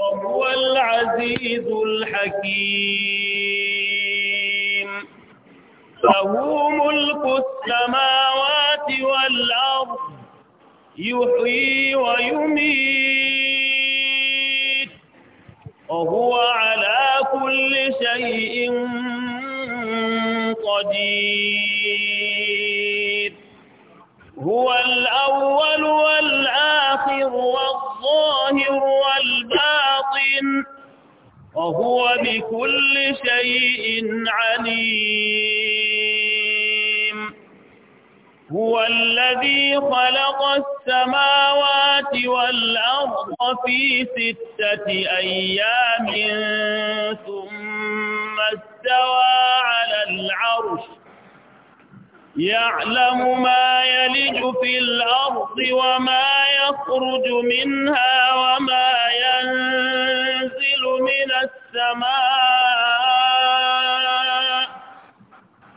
وهو العزيز الحكيم له ملك السماوات والأرض يحيي ويميت وهو على كل شيء قدير هو الأول والأول الظاهر والباطن وهو بكل شيء عليم هو الذي خلق السماوات والأرض في ستة أيام ثم استوى على العرش يعلم ما يلج في الأرض وما يخرج منها وما ينزل من السماء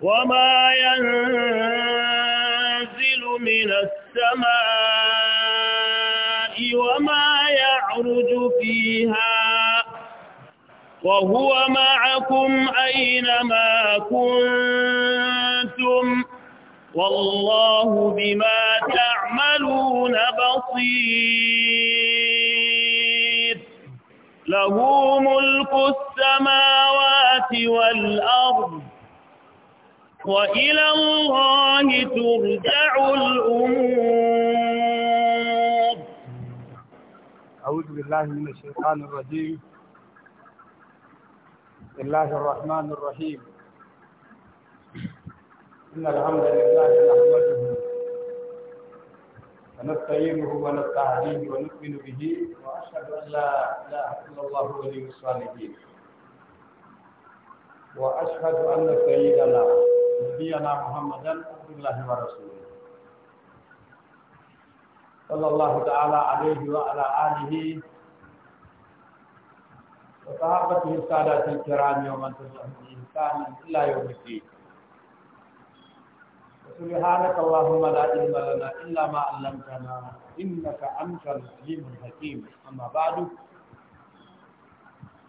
وما ينزل من السماء وما يعرج فيها وهو معكم أينما كنتم والله بما تعملون بصير له ملك السماوات والأرض وإلى الله ترجع الأمور أعوذ بالله من الشيطان الرجيم بسم الله الرحمن الرحيم إن الحمد لله نحمده ونستعينه ونستهديه ونؤمن به وأشهد أن لا إله إلا الله ولي الصالحين وأشهد أن سيدنا نبينا محمدا عبد الله ورسوله صلى الله تعالى عليه وعلى آله وصحابته السادات الكرام ومن تبعهم الإنسان إلا يوم الدين سبحانك اللهم لا علم لنا إلا ما علمتنا إنك أنت العليم الحكيم أما بعد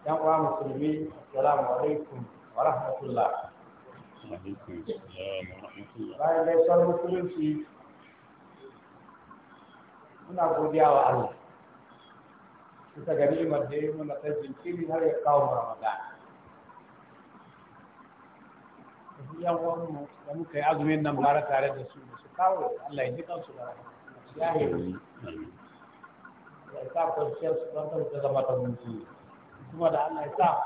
يا مسلمين السلام عليكم ورحمة الله وعليكم السلام ورحمة الله ليس yan uwanmu da muka yi azumin nan bara tare da su su kawo Allah ya ji kansu da ya yi ya sa kwanciyar su don kan ta zama ta mutu kuma da Allah ya sa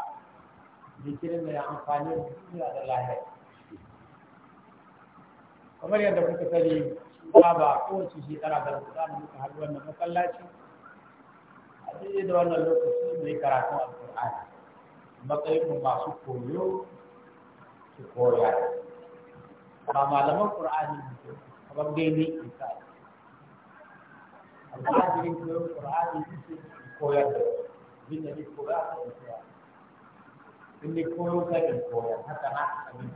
jikirin da ya amfani da duniya da lahiyar kamar yadda kuka sani ba ba kowace shekara da alƙur'ani muka haɗu wannan masallaci a daidai da wannan lokaci mai karatu karatun alƙur'ani matsayin masu koyo su koya ba malaman qur'ani ne kamar daidai isa amma jirin koyon qur'ani su koyar da bin da ne koya a koya in ne koyo ka ne koya haka na abin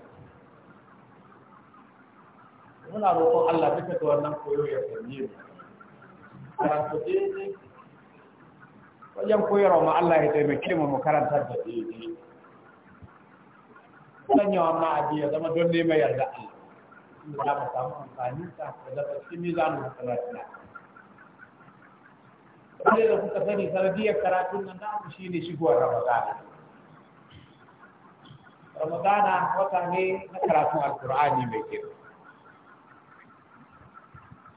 muna roƙon Allah duka da wannan koyo ya sanye mu karanta daidai wajen koyarwa ma Allah ya taimake mu mu karanta da daidai sanya ma a ya zama don neman yarda Allah inda da mu samu amfani ta da zama cikin mizanin masalatina kamar da kuka sani sanadiyar karatun nan namu shi ne shigowar ramadana ramadana wata ne na karatun alkur'ani mai kyau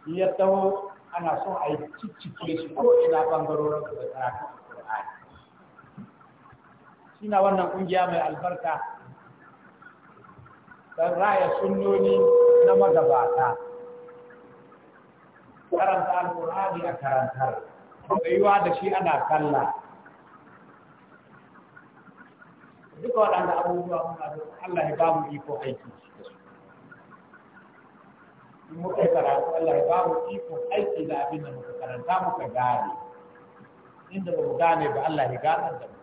ya taho ana son a yi ciccike shi ko ina bangarorin da karatun alkur'ani shi na wannan ƙungiya mai albarka don raya sunnoni na magabata karanta alkur'ani a karantar tsayuwa da shi ana kalla duka waɗanda abubuwa muna da Allah ya bamu iko aiki in muka karatu Allah ya bamu iko aiki da abin da muka karanta muka gane inda ba mu gane ba Allah ya gane da mu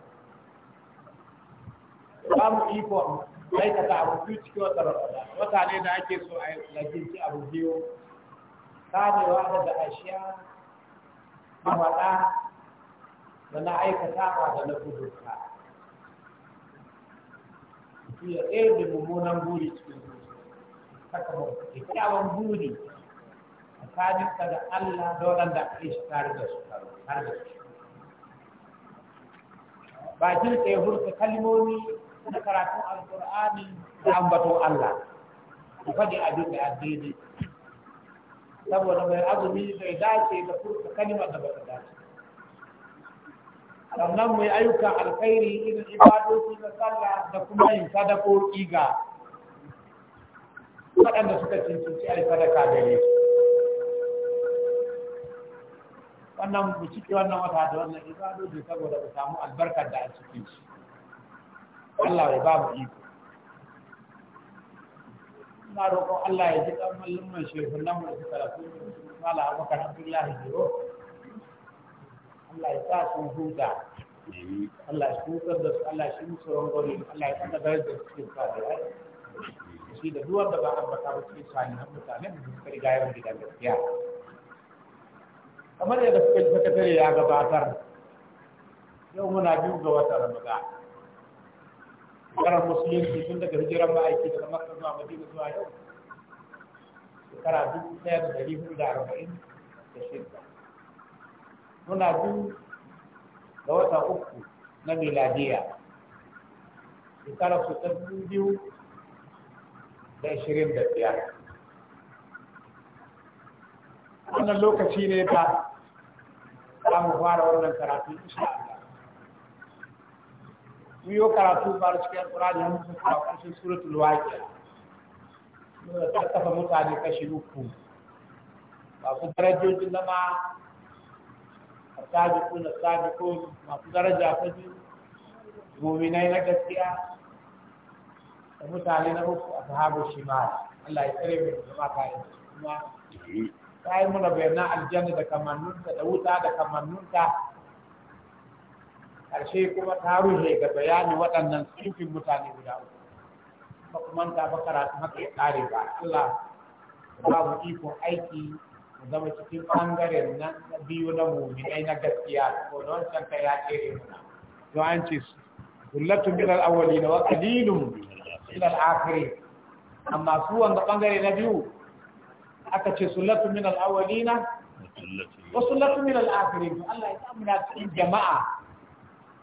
bamu iko aikata abu biyu cikin wata rafada wata ne da ake so a laginci abu biyu kamewa daga ashiya mawaɗa da na aikata da na gudunka su ya ɗaya da mummunan buri cikin sakamakon kyakkyawan buri a tsakaninka da Allah da waɗanda ake shi tare da su tare da su bakin ka ya hurta kalmomi da karatun alkur'ani da ambaton Allah ku faɗi abin da addini saboda mai azumi bai dace da furta kalmar da baka dace sannan mai ayyukan alkhairi irin ibadoci na sallah da kuma yin sadakoki ga waɗanda suka cincinci a da gare wannan mu cike wannan wata da wannan ibadoci saboda ku samu albarkar da a cikin shi Allah ya ba mu iko ina roƙon Allah ya ji ɗan mallumin shehu nan mu da suka rasu mala abokan Abdullahi Jiro Allah ya sa su huta Allah ya hutar da su Allah ya shi musu rangwari Allah ya kada bayar da su cikin sadiyar shi da duwar da ba a ambata ba cikin sanihan mutane da suka riga yawan gidan gaskiya kamar yadda suka yi sakatare ya gabatar yau muna biyu ga watan Ramadan shekarar musulunci tun daga hijiran ma'aiki daga makka zuwa madina zuwa yau shekara dubu ɗaya da ɗari hudu da arba'in da shida muna biyu da wata uku na miladiya shekarar su ta biyu da ashirin da biyar wannan lokaci ne ta za mu fara wannan karatu insha mu yi karatu ba da cikin alkurani ya musu a ƙarshen suratul waƙiya nuna tattafa mutane kashi uku masu darajojin zama a sabiku na sabiku masu daraja ta biyu muminai na gaskiya da mutane na uku a sahabu shi ma Allah ya tsare mai zama kayan kuma ta yi muna na aljanna da kamannunta da wuta da kamannunta karshe kuma ta ruhe ga bayani waɗannan sifin mutane guda uku ba kuma ta ba karatu haka ya ƙare ba Allah babu ikon aiki mu zama cikin ɓangaren na biyu na muminai na gaskiya ko don can ka ya mu muna to an ce kullatu min al-awwalin wa qalilun min al-akhirin amma su wanda ɓangare na biyu aka ce sullatu min al-awwalin wa sullatu min al-akhirin Allah ya samu na cikin jama'a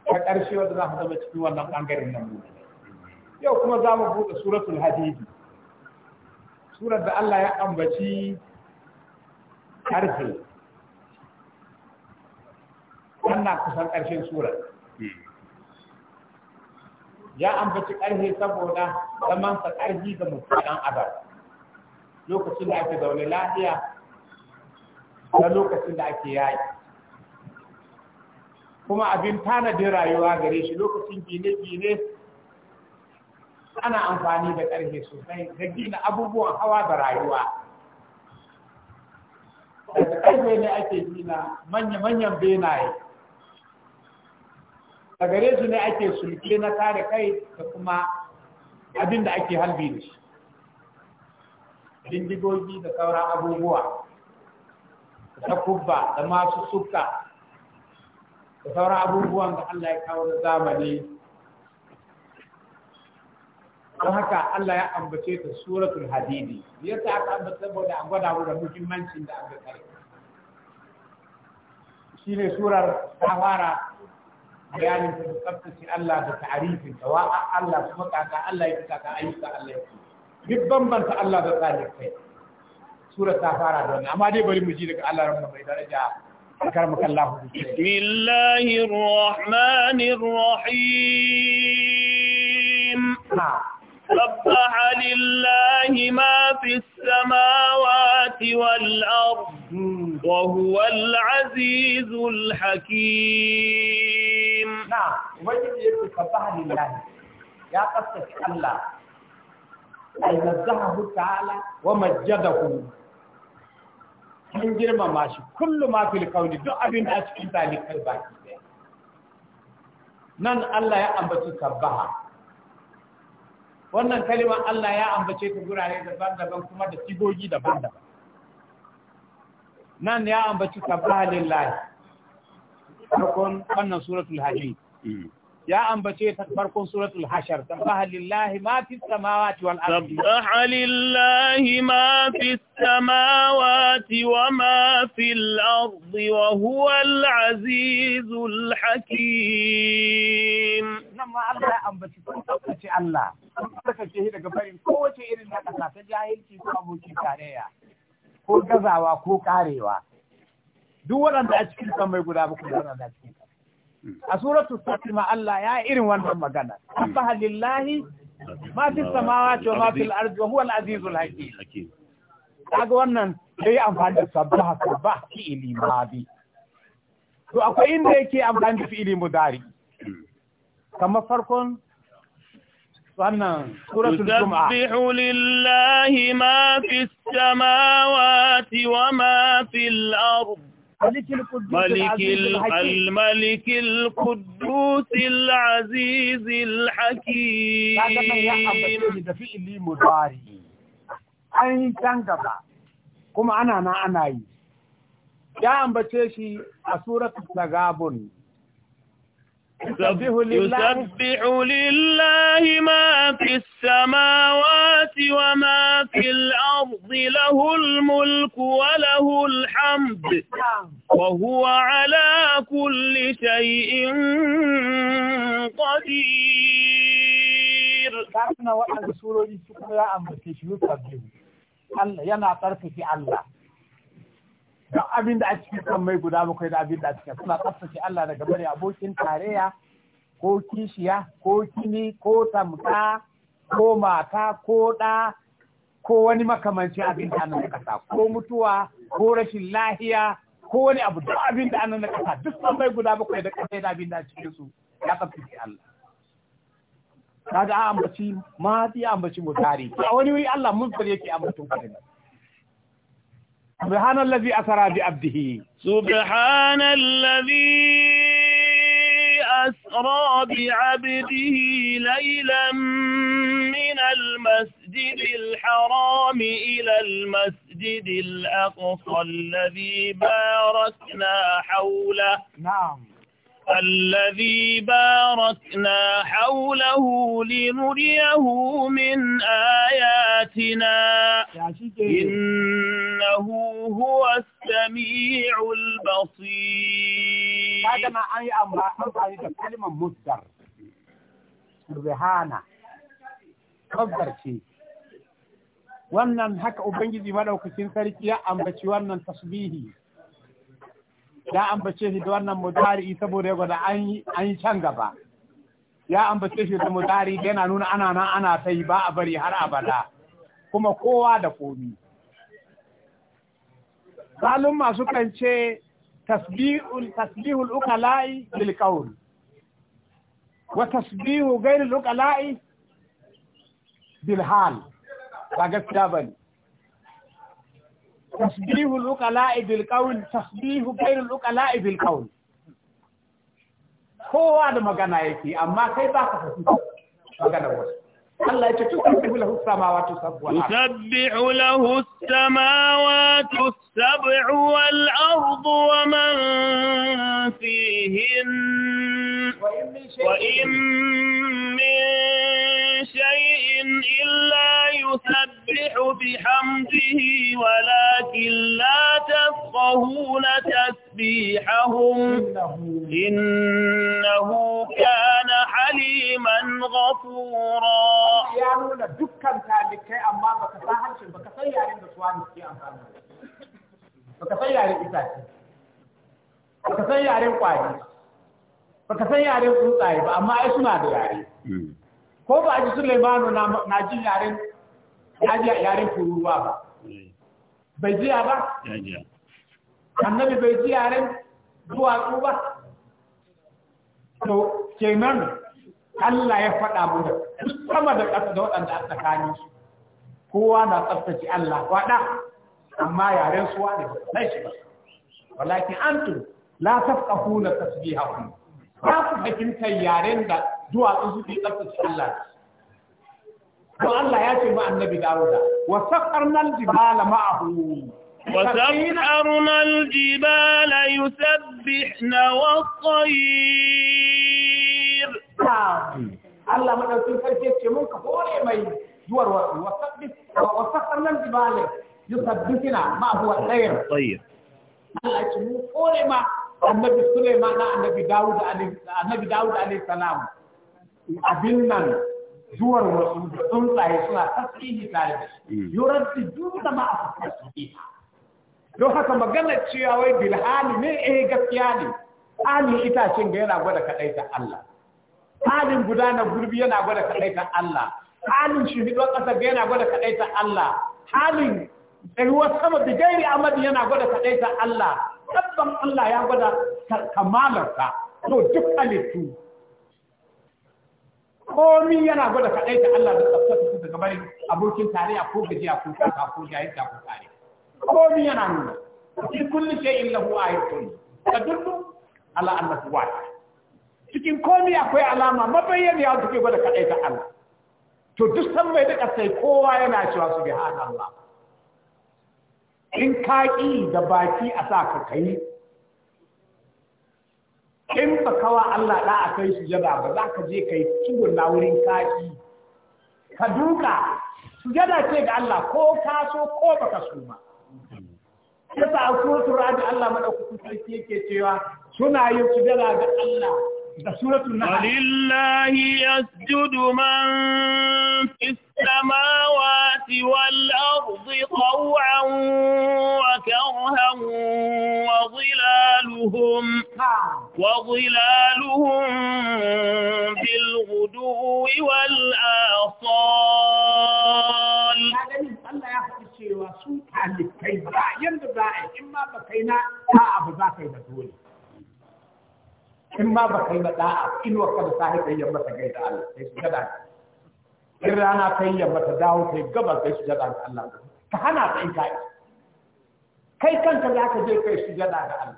ta ƙarshe wanda za mu zama cikin wannan ɓangaren nan mu yau kuma za mu buɗe suratul hadidi surar da Allah ya ambaci ƙarfe wannan kusan ƙarshen surar ya ambaci ƙarfe saboda zaman sa ƙarfi ga mutanen adam lokacin da ake zaune lafiya da lokacin da ake yayi kuma abin tanadin rayuwa gare shi lokacin gine-gine ana amfani da ƙarfe sosai da gina abubuwan hawa da rayuwa daga ƙarfe ne ake gina manya-manyan benaye Da gare su ne ake sulke na tare kai da kuma abin da ake halbi da shi bindigogi da sauran abubuwa da kubba da masu suka da sauran abubuwan da Allah ya kawo na zamani don haka Allah ya ambace ta suratul hadidi yasa aka ambata saboda a gwada da muhimmancin da aka kare ne surar ta fara bayanin ta tsaftace Allah da ta'arifin ta wa Allah kuma kaka Allah ya kaka ayyuka Allah ya duk bambanta Allah da tsalikai Surar ta fara da wannan amma dai bari mu ji daga Allah rabbana mai daraja أكرمك الله بسم الله الرحمن الرحيم سبح نعم. لله ما في السماوات والأرض وهو العزيز الحكيم نعم وجد سبح لله يا قصة الله أي نزهه تعالى ومجده mun girmama shi kullu ma fil kauni duk abin da a cikin ba baki ne. nan Allah ya ambaci sabbaha wannan kalimar Allah ya ambace ta gurare daban-daban kuma da sigogi daban-daban nan ya ambaci sabbaha lillahi farkon wannan suratul hajji mm. ya ambace ta farkon suratul hashar sabaha lillahi ma fis samawati wal ardi sabaha lillahi ma fis samawati wa ma fil ardi wa huwa al azizul hakim nan ma Allah ya ambace ko tabbace Allah tsaftace shi daga barin kowace irin na kasa ta jahilci ko abokin tarayya ko gazawa ko karewa duk waɗanda a cikin kan mai guda bakwai waɗanda a cikin a suratul fatima Allah ya irin wannan magana sabaha lillahi ma fi samawati wa ma fil ardi wa huwa al-azizul hakim kaga wannan sai amfani da sabaha sabaha fi'ili madi to akwai inda yake amfani da fi'ili mudari kamar farkon wannan suratul jumu'a yusabbihu lillahi ma fis samawati wa ma fil ardi ملك القدوس ملك الملك القدوس العزيز الحكيم هذا ما يعبد ده في اللي مضاري ainihin can gaba kuma ana na ana yi ya ambace shi a suratul tagabun يسبح لله يسبح لله ما في السماوات وما في الأرض له الملك وله الحمد وهو على كل شيء قدير كان وأن سورة سورة أمريكا يسبح الله ينا في الله da abin da a cikin kan mai guda bakwai da abin da a cikin suna tsaftace Allah daga bari abokin tarayya ko kishiya ko kini ko tamka ko mata ko ɗa ko wani makamanci abin da ana kasa ko mutuwa ko rashin lahiya ko wani abu duk abin da ana kasa duk san mai guda bakwai da kasa da abin da a cikin su ya tsaftace Allah kaga a ambaci ma ya ambaci mutari a wani wuri Allah mun yake ambaton nan. سبحان الذي أسرى بعبده سبحان الذي أسرى بعبده ليلا من المسجد الحرام إلى المسجد الأقصى الذي باركنا حوله نعم الذي باركنا حوله لنريه من آياتنا إنه هو السميع البصير هذا ما أي أمر أمر كلمة مصدر سبحانه قدر شيء wannan haka ubangiji madaukakin sarki ya ambaci wannan تصبيهي ya ambace shi da wannan mudari saboda ya gwada an yi can gaba ya ambace shi da mudari da yana nuna ana nan ana ta yi ba a bari har abada kuma kowa da komi salun masu kan ce tasbihul ukala'i bil qawl wa tasbihu ghairil ukala'i bil hal ba gaskiya bane تصبيح الوكلاء بالكون تصبيح غير الوكلاء بالكون هو هذا ما كان يكي أما كيف يسبح له السماوات السبع والأرض ومن فيهن وإن من شيء إلا يسبح بحمده ولكن لا تفقهون تسبيحهم إنه كان حليما غفورا يا نونا دكان تالكي أما بكساهر شن baka san yaren tsuntsaye ba amma ai suna da yare ko ba a ji Sulaimanu na ji yaren yaren kururuwa ba bai jiya ba annabi bai ji yaren duwatsu ba to kenan Allah ya faɗa mu da sama da ƙasa da waɗanda a tsakani su kowa na tsaftace Allah faɗa amma yaren suwa ne ba shi ba walakin antum la tafqahuna tasbihakum ba ku fahimtar yaren da duwatsu suke tsaftace Allah don Allah ya ce ma annabi Dawuda wa sakarnal jibala ma'ahu وسخرنا الجبال يسبحن والطير الله من أسول فرشيك منك فوري مي جوار وسخرنا الجبال يسبحنا ما هو الطير الطير الله يتمو فوري ما النبي سليمان النبي داود عليه السلام abin nan zuwar wasu da tsuntsaye suna tasiri tare da shi mm. yorar su duka ma a fuskar su ita don haka magana cewa wai bilhali ne eh gaskiya ne Halin itacen ga yana gwada kaɗai ta Allah tsamin gudanar gurbi yana gwada kaɗai ta Allah tsamin shimfiɗon ƙasar ga yana gwada kaɗai ta Allah tsamin ruwan sama bigairi amadi yana gwada kaɗai ta Allah tabban Allah ya gwada kamalarsa to duk halittu komi yana gwada kaɗai ta Allah da tsaftace su daga bari abokin tarayya ko gajiya ko kaka ko ta ko tare komi yana nuna fi kulli shay'in lahu ayatun Allah Allah su wata. cikin komi akwai alama mabayyani ya suke gwada kaɗai ta Allah to duk san mai da ƙasai kowa yana cewa Allah, in ka da baki a sa ka kai in ba kawa Allah da a kai sujada ba za ka je kai na wurin kaki ka duka sujada ce ga Allah ko ka so ko baka so ba yasa a suratul ra'd Allah madaukakin sarki yake cewa suna yin sujada ga Allah da suratul nahl walillahi yasjudu man fis samawati wal ardi taw'an wa karhan wa dhilaluhum ha وظلالهم بالغدو والآصال إما بخيمة لا إن وقت صاحب أي يمت جيد على كيس جدان إرانا في يمت داو في قبل كيس جدان الله تهنا في إنكاي كي كان تلاك جيد كيس جدان الله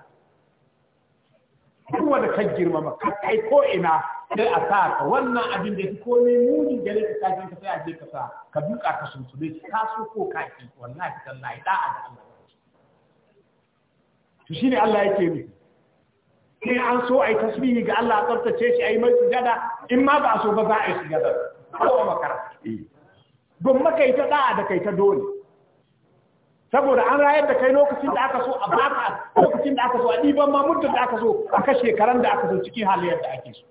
duk wanda ka girmama ka kai ko ina sai a sa ka wannan abin da ya fi komai muni gare ka kafin ka sai a je ka sa ka duka ka suntule ka so ko ki wallahi tallahi da'a da Allah to shine Allah yake ni. sai an so ai tasbihi ga Allah a tsaftace shi ai mai sujada in ma ba a so ba za a yi sujada ko makara don eh. makai ta da'a da kai ta dole saboda an rayar da kai lokacin da aka so a baka lokacin da aka so a ɗiban ma muddin da aka so a kashe karen da aka so cikin halayyar da ake so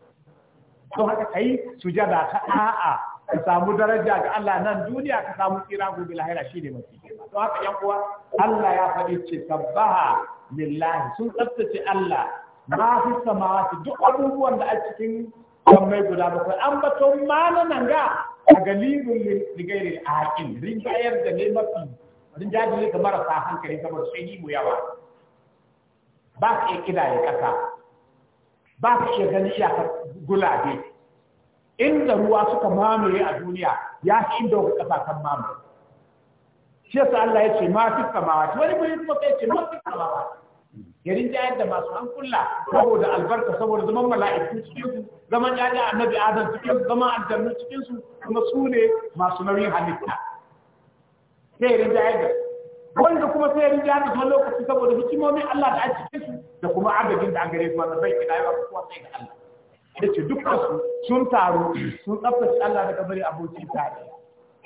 don haka kai sujada ta a'a ka samu daraja ga Allah nan duniya ka samu tsira gobe lahira shine mafi girma don haka yan uwa Allah ya faɗi ce tabbaha lillahi sun tsaftace Allah ma fi samawati duk abubuwan da a cikin mai guda bakwai an bato ma nan ga a galibin ligairi a haƙin ringayar da ne mafi rinjaji ne ga marasa hankali saboda sun yi mu yawa ba su iya ya ƙasa ba su iya ganin iyakar gulabe inda ruwa suka mamaye a duniya ya fi inda wata ƙasa kan mamaye shi yasa Allah ya ce ma fi samawa wani gurin kuma sai ce ma fi samawa yarin jayar da masu an kulla saboda albarka saboda zaman mala'iku cikin su zaman yaji annabi adam cikin su zaman aljannu cikin su kuma su ne masu nauyin halitta sai rinjayar da kuma sai rinjayar da lokaci saboda hikimomi Allah da ake cikin da kuma adadin da an gare su wanda bai kida yawa kuma sai ga Allah da ce dukkan su sun taru sun tsaftace Allah daga bari abokin tare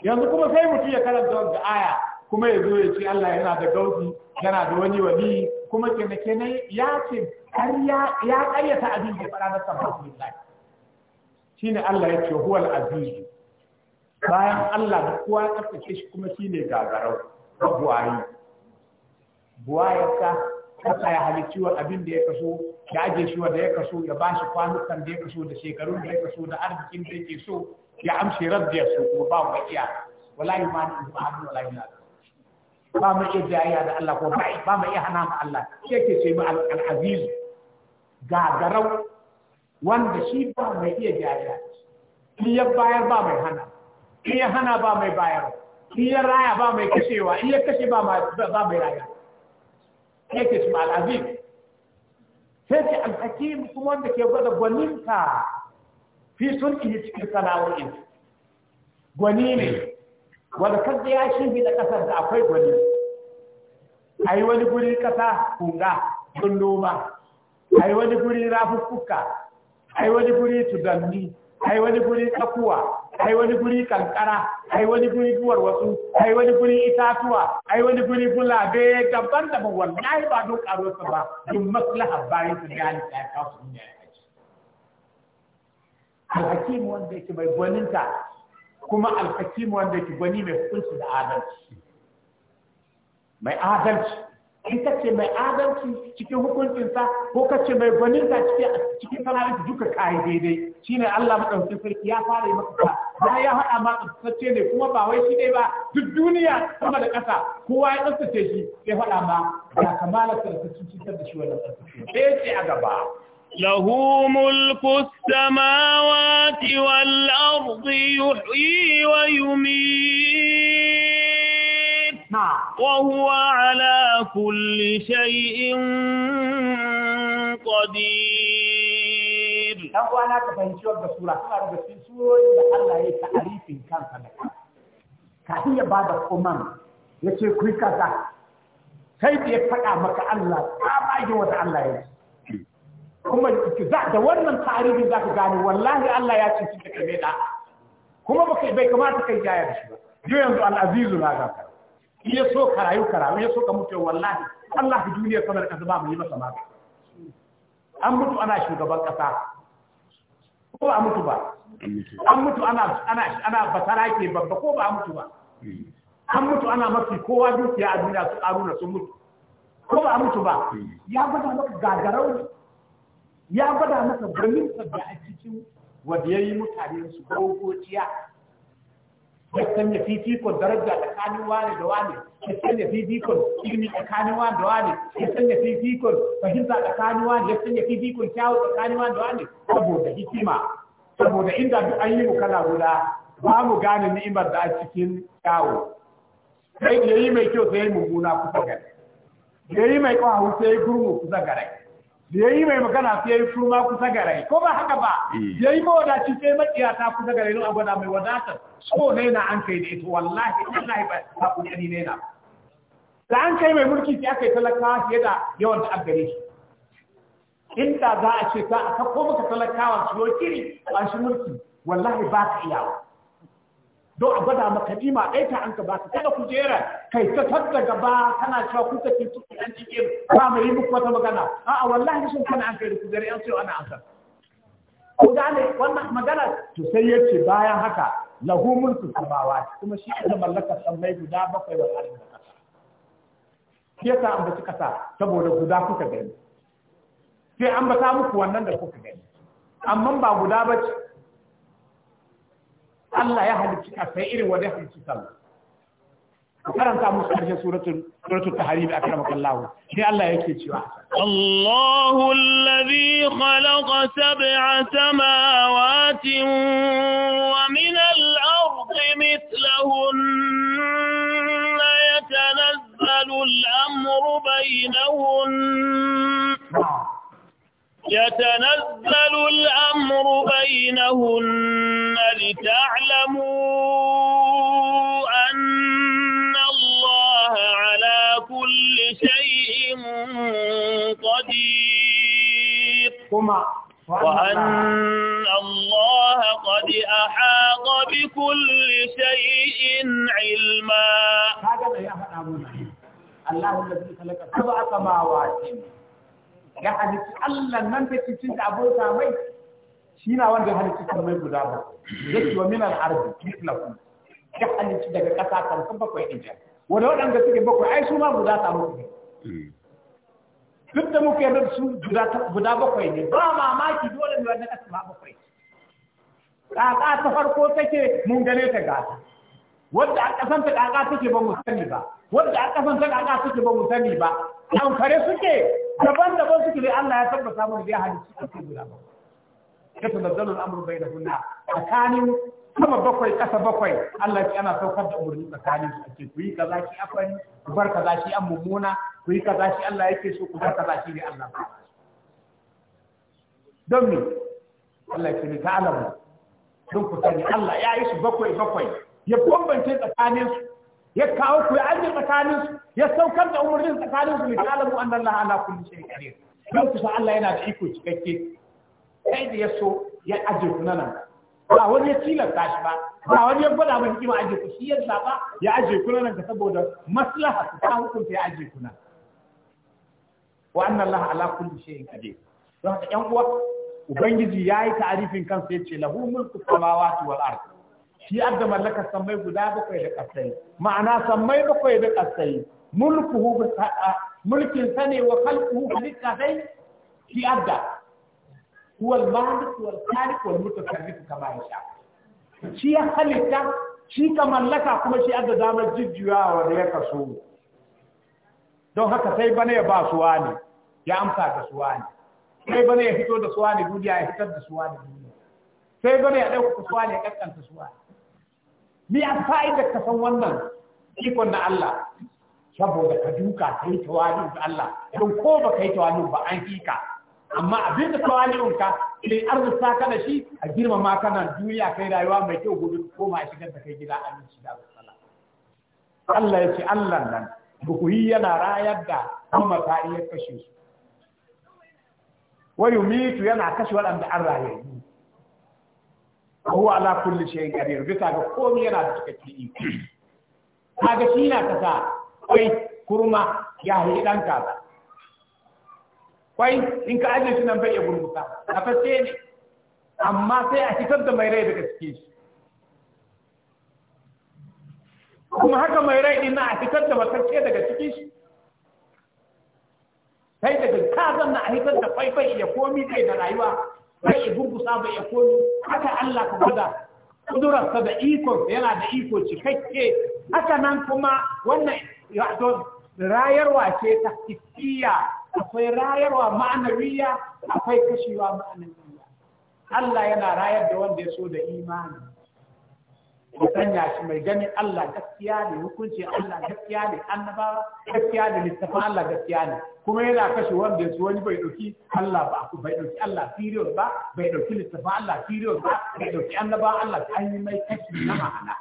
yanzu kuma sai mutum ya karanta wanda aya kuma ya zo ya ce Allah yana da gauzi yana da wani wali kuma kenan kenan ya ce ya karyata abin da ya faɗa na sabbatin Allah shine Allah ya ce huwal azizu bayan Allah da kowa ya tsarkake shi kuma shi ne gagarau ga buwayi ka kasa ya halicci wa abin da ya kaso ya aje shi wa da ya kaso ya ba shi kwanukan da ya kaso da shekarun da ya kaso da arzikin da yake so ya amshe rabbiya su kuma ba wa iya wala yumani ba hannu wala na. ba mu iya jayya da Allah ko ba ba mu iya hana ma Allah sai ke ce mu al-aziz gagarau wanda shi ba mai iya jayya Ni ya bayar ba mai hana Iya hana ba mai bayar iya raya ba mai kashewa iya kashe ba mai raya yake su al'azim sai ce alhakim kuma wanda ke gwada gwaninka fi sun iya cikin sana'o'in gwani ne wanda kadda ya shi da kasar da akwai gwani a yi wani guri kasa kunga sun noma a yi wani guri rafuffuka a yi wani guri tudanni ai wani guri tsakuwa ai wani guri kankara ai wani guri duwar wasu ai wani guri itatuwa ai wani guri gulabe daban daban wallahi ba don karo ba don maslahar bayan su ne halitta ya kawo su ne alhakim wanda yake mai gwaninta kuma alhakim wanda yake gwani mai hukunci da adalci mai adalci in ka ce mai adalci cikin hukuncinsa ko ka ce mai gwaninta cikin sana'arsa duka kayi daidai shine Allah madaukakin sarki ya fara yi maka ba ya haɗa ma tsaftace ne kuma ba wai shi ne ba duk duniya sama da ƙasa kowa ya tsaftace shi ya faɗa ma ya kamala tsaftace cutar da shi wannan tsaftace sai ce a gaba له ملك السماوات والأرض يحيي ويميت وهو على كل شيء قدير dan uwana ka fahimci wannan sura suna daga cikin da Allah ya kansa ya bada ya ce kaza sai da ya faɗa maka Allah tsabaje wata Allah ya ce kuma da wannan za zaka gane wallahi Allah ya ce shi da kai da kuma baka bai kamata kai jaya da shi ba yau yanzu Al'azizu na gaka iya so ka rayu ka rayu ya so ka mutu wallahi Allah ka duniya kamar kasa ba mu yi masa maka an mutu ana shugaban kasa ko ba mutu ba an mutu ana ana ana basara ke babba ko ba mutu ba hmm. an mutu ana mafi kowa dukiya a duniya su aruna sun mutu ko ba mutu ba hmm. ya gwada maka gagarau ya gwada maka birnin sabbin a cikin wadda ya yi mutane su gaugociya ya sanya fifikon daraja tsakanin wani da wani ya sanya fifikon ilimi tsakanin wani da wani ya sanya fifikon fahimta tsakanin wani ya sanya fifikon kyawu tsakanin wani da wani saboda hikima saboda inda duk an yi mu kala guda ba mu gane ni'imar da a cikin kyawu sai da yayi mai kyau sai mummuna kusa gare yayi mai kwahu sai gurmu kusa gare da ya yi mai magana fiye yi turma kusa gare ko ba haka ba eh. ya yi mawadaci sai makiyata kusa gare don gwada mai wadatar so ne na an kai da ita wallahi wallahi ba ta kuɗi ne na da an kai mai mulki sai aka yi talakawa fiye da yawan da abgare shi inda za a ce ta ko maka talakawa su yau kiri a shi mulki wallahi ba ka iyawa don a gwada maka nima ɗai ta an ka ba ka kada kujera kai ta tadda gaba kana cewa kuka ce tuku ɗan cikin ba mu yi muku wata magana a'a wallahi sun kana an kai da kujera yan sai ana an san ku gane wannan magana to sai ya ce bayan haka lahu mulku samawa kuma shi ne mallakar sammai guda bakwai wa arin da kasa shi yasa an baci kasa saboda guda kuka gani sai an bata muku wannan da kuka gani amma ba guda ba ce الله يهدي في كفائر ودخل في سلام فرنسا مسترجة سورة سورة التحريم أكرمك الله هي الله يكفي الله الذي خلق سبع سماوات ومن الأرض مثلهن يتنزل الأمر بينهن يتنزل الأمر بينهن لتعلموا أن الله على كل شيء قدير وأن الله قد أحاط بكل شيء علما الله الذي خلق سبع سماوات ga halitta Allah nan da cikin da abota mai shi na wanda halitta kan mai guda ba yake wa minal ardi mislakum ga halitta daga ƙasa kan sun bakwai inja wanda waɗanda suke bakwai ai su ma guda ta mutu duk da muke da su guda bakwai ne ba mamaki dole ne wanda ƙasa ma bakwai ƙaƙa ta farko take mun gane ta gata wadda a ƙasan ta ƙaƙa take ba mu sani ba wadda a ƙasan ta ƙaƙa take ba mu sani ba an kare suke daban-daban suke ne Allah ya tabbata mana ya halitta a cikin guda ba ya tanazzalu al'amru bainahunna tsakanin sama bakwai ƙasa bakwai Allah ya ana saukar da umarni tsakanin su ake ku yi kaza shi afani ku bar kaza shi an mummuna ku yi kaza shi Allah yake so ku bar kaza shi ne Allah ba don me Allah ya ce ta alamu don ku sani Allah ya yi su bakwai bakwai ya bambance tsakanin su ya kawo ku ya aje tsakanin su ya saukar da umarnin tsakanin su lita alamu an Allah ala kulli shay qadir don ku Allah yana da iko cikakke sai da ya so ya ajiye ku nan ba wani ya tilasta shi ba ba wani ya gwada mai hikima ajiye ku shi ya zaba ya ajiye ku nan ka saboda maslaha su ta hukunta ya ajiye ku nan wa anna Allah ala kulli shay qadir don haka yan uwa ubangiji yayi ta'arifin kansa yace lahu mulku samawati wal ardh shi adda mallaka sammai guda bakwai da ƙasai ma'ana sammai bakwai da ƙasai mulkuhu mulkin sa ne wa khalquhu halitta sai shi adda huwa al-malik wal khaliq wal mutakarrif kama yasha shi ya halitta shi ka mallaka kuma shi da damar jijjuyawa da ya kaso don haka sai bane ya ba su wani ya amsa da su wani sai bane ya fito da su wani duniya ya fitar da su wani duniya sai bane ya ɗauka su wani ya kakkanta su wani Ni ya fa'ida ka san wannan ikon na Allah saboda ka duka kai tawali ga Allah don ko ba kai tawali ba an hika amma abin da tawali'un ka sai arzuta ka da shi a girmama kana duniya kai rayuwa mai kyau gudun koma shigar da kai gida aminci da Allah Allah ya ce Allah nan bukuyi yana rayar da ta iya kashe su wa yumitu yana kashe waɗanda an raye huwa ala kulli shay'in qadir bisa ga komai yana da cikakken iko kaga shi na kasa kwai kurma ya hayi dan kaza kwai in ka ajiye shi nan bai ya gurguta a fasce ne amma sai a fitar da mai rai daga cikin shi kuma haka mai rai din na a fitar da matacce daga cikin shi sai daga kazan zanna a fitar da faifai ya komi kai da rayuwa bai ya gurgusa bai ya koyo haka Allah ka gwada kudurarsa da iko yana da iko cikakke haka nan kuma wannan rayarwa ce ta kifiya akwai rayarwa ma'anariya, akwai kashewa ma'anawiya Allah yana rayar da wanda ya so da imani ya sanya shi mai ganin Allah gaskiya ne hukunci Allah gaskiya ne annabawa gaskiya ne littafin Allah gaskiya ne kuma yana kashe wanda ya wani bai dauki Allah ba bai dauki Allah serious ba bai dauki littafin Allah serious ba bai dauki annabawa Allah an yi mai kashi na ma'ana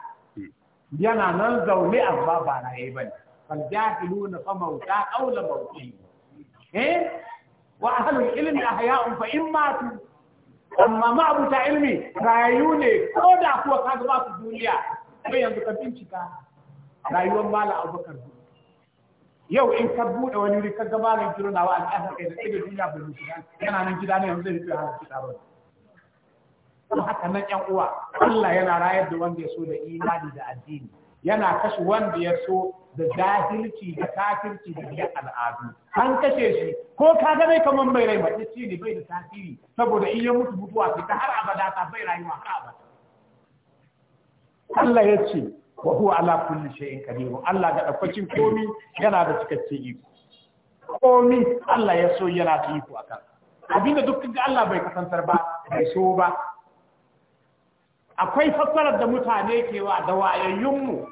yana nan zaune amma ba na yayi bane fal jahiluna fa mauta qawla mauti eh wa ahlul ilmi ahya'un fa in matu amma ma'abuta ilmi rayu ne ko da kuwa ka ba su duniya sai yanzu ka bincika rayuwar mala abubakar yau in ka buɗe wani wuri ka ga malam kiro na wa'azi an kai da ido duniya bai mutu yana nan gida ne yanzu zai fito har gida ba to haka nan yan uwa Allah yana rayar da wanda ya so da imani da addini yana kashe wanda ya so da jahilci da kafirci da biyan al'adu an kashe shi ko ka ga mai kaman bai rai mace ce ne bai da tasiri saboda in ya mutu mutuwa fita har abada ta bai rayuwa har abada Allah ya ce wa huwa ala kulli shay'in qadir Allah ga daukacin komi yana da cikakken iko komi Allah ya so yana da iko akan abinda duk ga Allah bai kasantar ba bai so ba akwai fassarar da mutane ke wa da wayayyunmu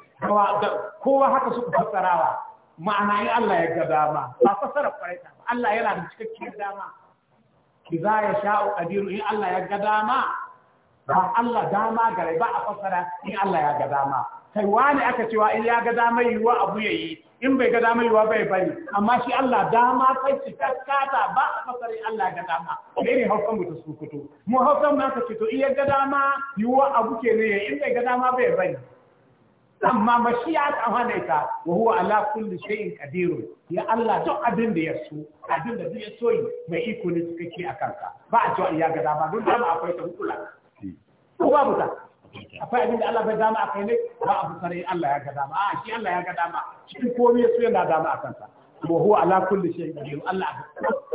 kowa haka suka fassarawa ma'ana in Allah ya ga dama ba fassarar kwarai ta Allah yana da cikakkiyar dama ki za ya sha'u qadiru in Allah ya ga dama ba Allah dama gare ba a fassara in Allah ya ga dama kai wani aka cewa in ya ga dama yiwuwa abu ya yi in bai ga dama yiwuwa bai bari amma shi Allah dama kai shi kaskata ba a fasari Allah ga dama da ne haukan mutu su fito mu haukan mu aka ce to iya ga dama yiwuwa abu ke ne in bai ga dama bai bari amma mashiya ta hana ta wa huwa ala kulli shay'in qadir ya Allah duk abin da ya so abin da duk ya so mai iko ne suka ke akan ka ba a cewa iya ga dama don dama akwai ta hukula ko babu ta akwai abin da Allah bai dama a kai ne ba abu sarai Allah ya ga dama a shi Allah ya ga dama shi komai su yana dama akan sa wa huwa ala kulli shay'in qadir Allah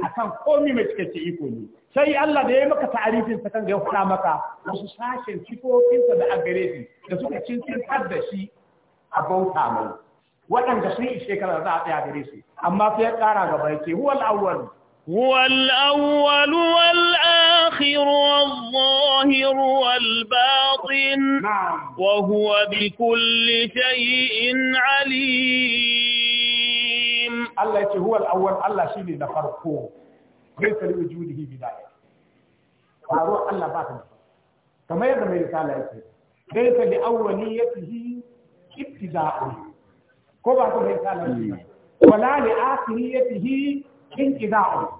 akan komai mai cikakke iko ne sai Allah da ya maka ta'arifin sa kan ga fara maka wasu sashen sifofin sa da agare da suka cincin har da shi a bauta mai waɗanda sun yi shekara za a tsaya gare su amma sai ya ƙara gaba ya ce huwal awwal huwal awwal wal akhir الظاهر والظاهر والباطن نعم. وهو بكل شيء عليم الله يتي هو الأول الله شيني نفرقه ليس لوجوده بداية فاروح الله باطن كما يدمي رسالة يتي ليس لأوليته ابتداء كما يدمي رسالة ولا لآخريته انتداء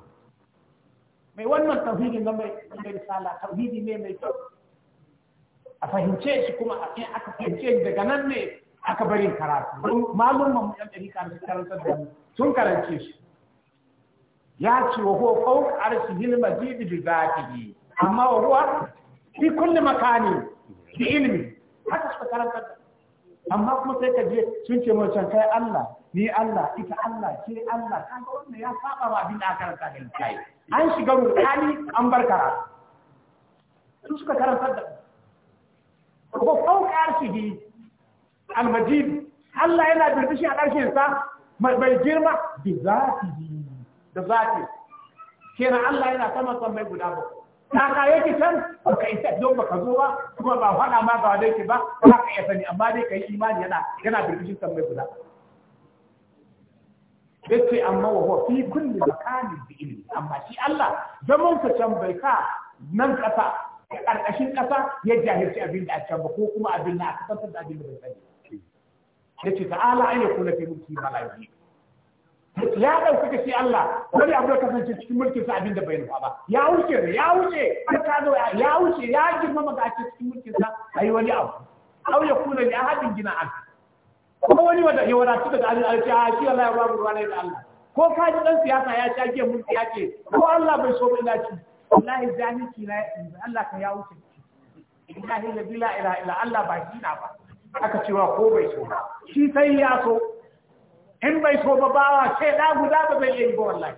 mai wannan tauhidin nan mai risala tauhidi ne mai kyau a fahimce shi kuma a kan aka fahimce daga nan ne aka bari karatu don malumman mu yan dari kan karanta da mu sun karance shi ya ce wa huwa fawq arshihil majid bi zatihi amma wa huwa fi kulli makani bi ilmi haka suka karanta da amma kuma sai ka je sun ce mu can kai Allah ni Allah ita Allah ke Allah kaga wannan ya saba ba abin aka karanta da kai an shiga rudani an bar karatu su suka karanta da ko fauka al almajid Allah yana birbishi a ƙarshen sa mai girma bi zati da zati kenan Allah yana sama son mai guda ba ta ka yake can ka isa don ba ka zo ba kuma ba faɗa ma ba dai yake ba ba ka iya sani amma dai ka yi imani yana yana birbishin son mai guda ba yace amma wa huwa fi kulli makanin bi ilmi amma shi Allah zaman ka can bai ka nan kasa karkashin kasa ya jahilci abin da a can ba ko kuma abin da aka san da abin da bai sani yace ta'ala an yakuna fi mulki ma la ya ya suka shi Allah wani abu da kasance cikin mulkin sa abin da bai nufa ba ya wuce ya wuce ka zo ya wuce ya girma maga cikin mulkin sa ai wani abu aw yakuna li ahadin gina an ko wani wanda ya wada tuka da Allah ya ce a ah, shi Allah ya babu ruwa da Allah ko ka ji dan siyasa ya ci ake mun ya ce ko Allah bai so ina ci wallahi zalunci na Allah ka ya wuce billahi la bila ila ila Allah ba shi na ba aka cewa ko bai so shi sai ya so in bai so ba bawa sai da guda ba bai yi ba wallahi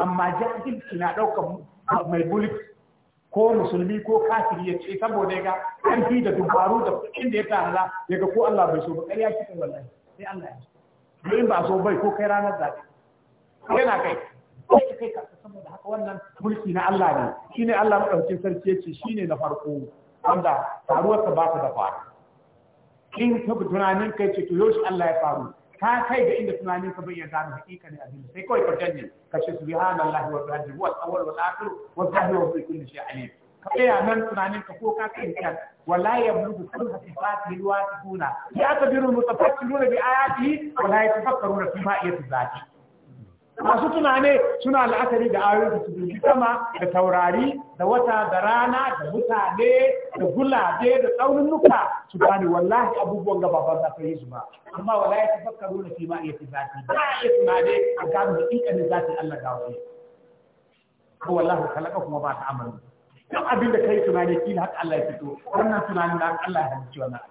amma jahilci na daukar mai bullet ko musulmi ko kafiri ya ce saboda ya ga ƙarfi da dubaru da kudin da ya tanada ya ga ko Allah bai so ba ƙarya kike wallahi sai Allah ya so in ba so bai ko kai ranar zaɓe yana kai ko kai ka saboda haka wannan mulki na Allah ne shine Allah madaukakin sarki ya ce shine na farko wanda faruwar ka ba ta da fara in ka kai ce to yau Allah ya faru Ka kai ga inda tunanin ka bai ya gano hakika ne abin sai kawai ka janye ka ce subhanallahi wa bihamdihi huwa al-awwal wal akhir wa zahiru wa kulli shay'in alim ka tsaya nan tunanin ka ko ka kai kan wala yablughu kullu sifati wa tuna ya tabiru mutafakkiruna bi ayatihi wa la yatafakkaruna fi ma'iyati zati masu tunane suna la'akari da ayoyin da su sama da taurari da wata da rana da mutane da gulabe da tsaunuka. su gane wallahi abubuwan gaba ba za ta yi su ba amma wallahi ta fakkaru na fi ma iya fi zafi ba iya tunane a gano da ikanin zafi Allah ga wani ko wallahi kalaka kuma ba ta amalu duk abin da kai ki kila haka Allah ya fito wannan tunanin da Allah ya halicci wannan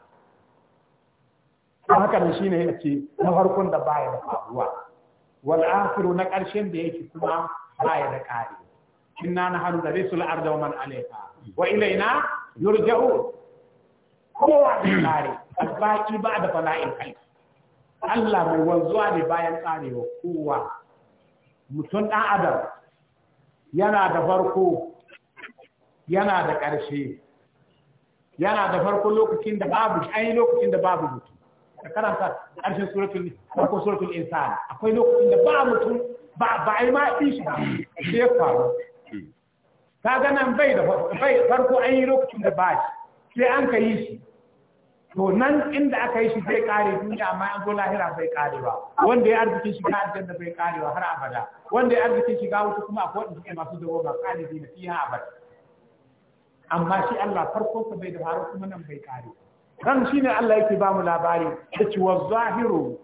haka ne shine ce na farkon da baya da faruwa wal akhiru na karshen da yake kuma baya da ƙari inna da narisul arda wa man alaiha wa ilaina yurja'u kowa da ƙari albaki ba da bala'in kai Allah mai wanzuwa ne bayan ƙarewa kowa mutum ɗan adam yana da farko yana da ƙarshe yana da farko lokacin da babu an lokacin da babu mutum ka karanta ƙarshen suratul farkon suratul insan akwai lokacin da ba mutum ba ba ai ma din shi sai ya faru ka ga nan bai da bai farko an yi lokacin da ba shi sai an ka yi shi to nan inda aka yi shi zai kare duniya amma an zo lahira bai kare ba wanda ya arzikin shiga aljanna bai kare ba har abada wanda ya arzikin shiga wuta kuma akwai wanda suke masu dawo ba kare ne na fiha abada amma shi Allah farko sa bai da faru kuma nan bai kare ba shi ne Allah yake ba mu labari ci wa zahiru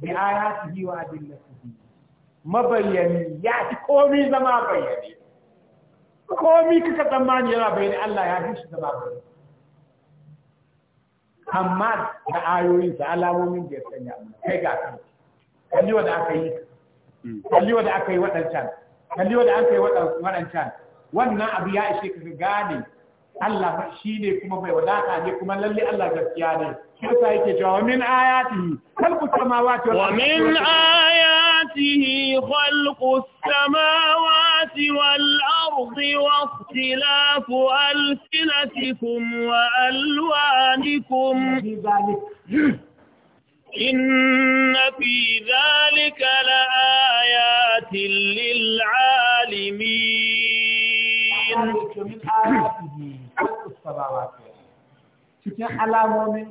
bi ayatihi wa adillatihi mabayyani ya fi komi zama bayani komi kaka tsammani yana bayani Allah ya fi shi zama bayani amma da ayoyin sa alamomin da ya sanya kai ga kai kalli wanda aka yi kalli wanda aka yi waɗancan kalli wanda aka yi waɗancan wannan abu ya ishe ka gane Allah shi ne kuma mai wadata ne kuma lalle Allah gaskiya ne shi yasa yake cewa min ayatihi khalqu samawati wal ardi wa min ayatihi khalqu samawati wal ardi wa ikhtilafu alsinatikum wa alwanikum إن في ذلك لآيات للعالمين samawa cikin alamomin